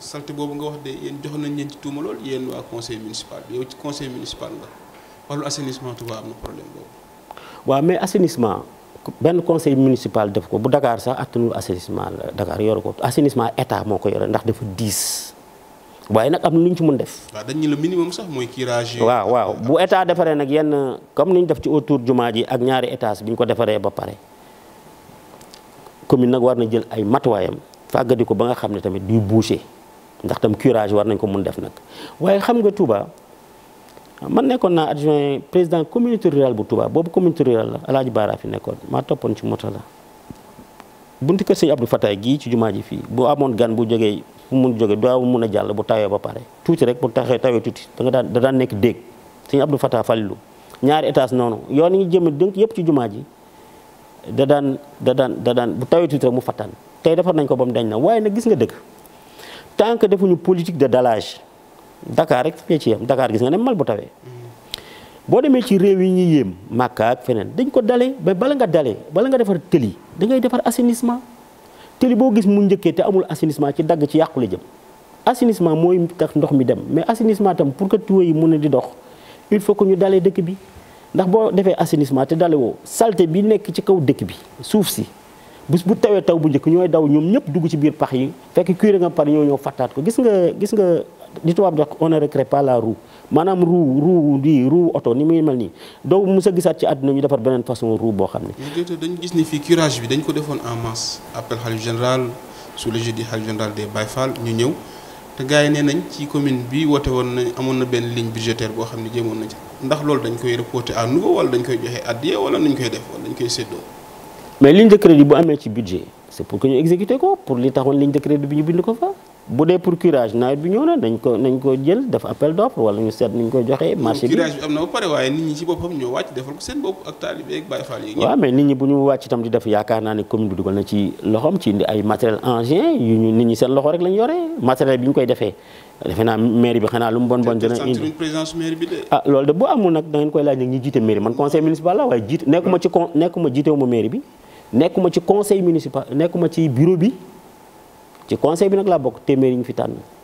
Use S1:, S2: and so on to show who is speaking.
S1: salte boobu nga wax de yéen jox nañ leen ci tuuma lool yéen waa conseil municipal bi yow ci conseil municipal nga wàllu
S2: waaw mais assainissement benn conseil municipal def ko bu dakaar sax attanul assainissement Dakar yoru ko assainissement état moo ko yore ndax dafa diis waaye nag am lu ñu ci mun def.
S1: waaw dañ ñu le minimum sax mooy curage. waaw
S2: waaw bu état defaree nag yenn comme ni ñu def ci autour jumaa ji ak ñaari étage bi ñu ko defaree ba pare commune nag war na jël ay matuwaayam fàggadi ko ba nga xam ne tamit duy boucher. ndax tam curage war nañ ko mun def nag waaye xam nga Touba man nekkoon naa adjoint président communauté rurale bu Touba boobu communauté rural la Alaaji Baara fi nekkoon maa toppoon ci moto la bunti kër sëñ Abdou Fatah gii ci jumaa ji fii bu amoon gan bu jógee bu mun daaw mun a jàll bu tawee ba pare tuuti rek bu taxee tawee tuuti da nga daan da daan nekk déeg sëñ Abdou Fatah Fallu ñaari étage noonu yoon yi jëm dënk yëpp ci jumaa ji da daan da daan da daan bu tawee tuuti rek mu fattaan tey defar nañ ko ba dañ na waaye nag gis nga dëkk tant que defuñu politique de dallage dakaar rek fee ci yem dakaar gis nga ne mal bu tawee boo demee ci réew yi ñu yéem Màkka ak feneen dañ ko dalee ba bala nga dalee bala nga defar tëli da ngay defar assainissement tëli boo gis mu njëkkee te amul assainissement ci dagg ci yàqule jëm assainissement mooy tax ndox mi dem mais assainissement tam pour que tuyaux yi mun a di dox il faut que ñu dalee dëkk bi ndax boo defee assainissement te dale woo salte bi nekk ci kaw dëkk bi suuf si bés bu tawee taw bu njëkk ñooy daw ñoom ñëpp dugg ci biir pax yi fekk cuire nga par ñoo ñoo fattaat ko gis nga gis nga di tubaab di wax on ne recrée pas la roue maanaam roue roue di roue oto ni muy mel nii donc mos a gisaat ci àdduna ñu defar beneen façon roue boo xam ne. mais gis ni fii
S1: curage bi dañ ko defoon en masse appel xalif général sous le jeudi xalif général des Baye Fall ñu ñëw te gars nee nañ ci commune bi woote woon na amoon na benn ligne budgétaire boo xam ne jéemoon na ndax loolu dañ koy reporter à nouveau koy joxe addiya wala nuñ koy def wala dañ koy séddoo.
S2: mais ligne de crédit bu amee ci budget c' est pour que ko pour li taxoon ligne de crédit bi ñu bind ko fa nawet bi ñëw na ko nañ ko jël def appel d' offre wala ñu seet ni ñu koy joxee marché bi curage bi
S1: am na ñoo wàcc defal
S2: ñi bu ñu wàcc itam di def yaakaar naa ne commune bi dugal na ci loxoom ci ay matériel engin yu ñu nit ñi seen loxo rek lañ yore matériel bi ñu koy defee defe naa mairie bi xanaa lu mu bon bon dina indi
S1: présence bi de
S2: ah loolu de bu amul nag da ngeen koy laaj nag ñi jiite mairie man conseil municipal la waaye jiite nekkuma ci nekkuma jiitewuma nekkuma ci conseil municipal nekkuma ci bureau bi ci conseil bi nag laa bokk téeméer yi ñu fi tànn.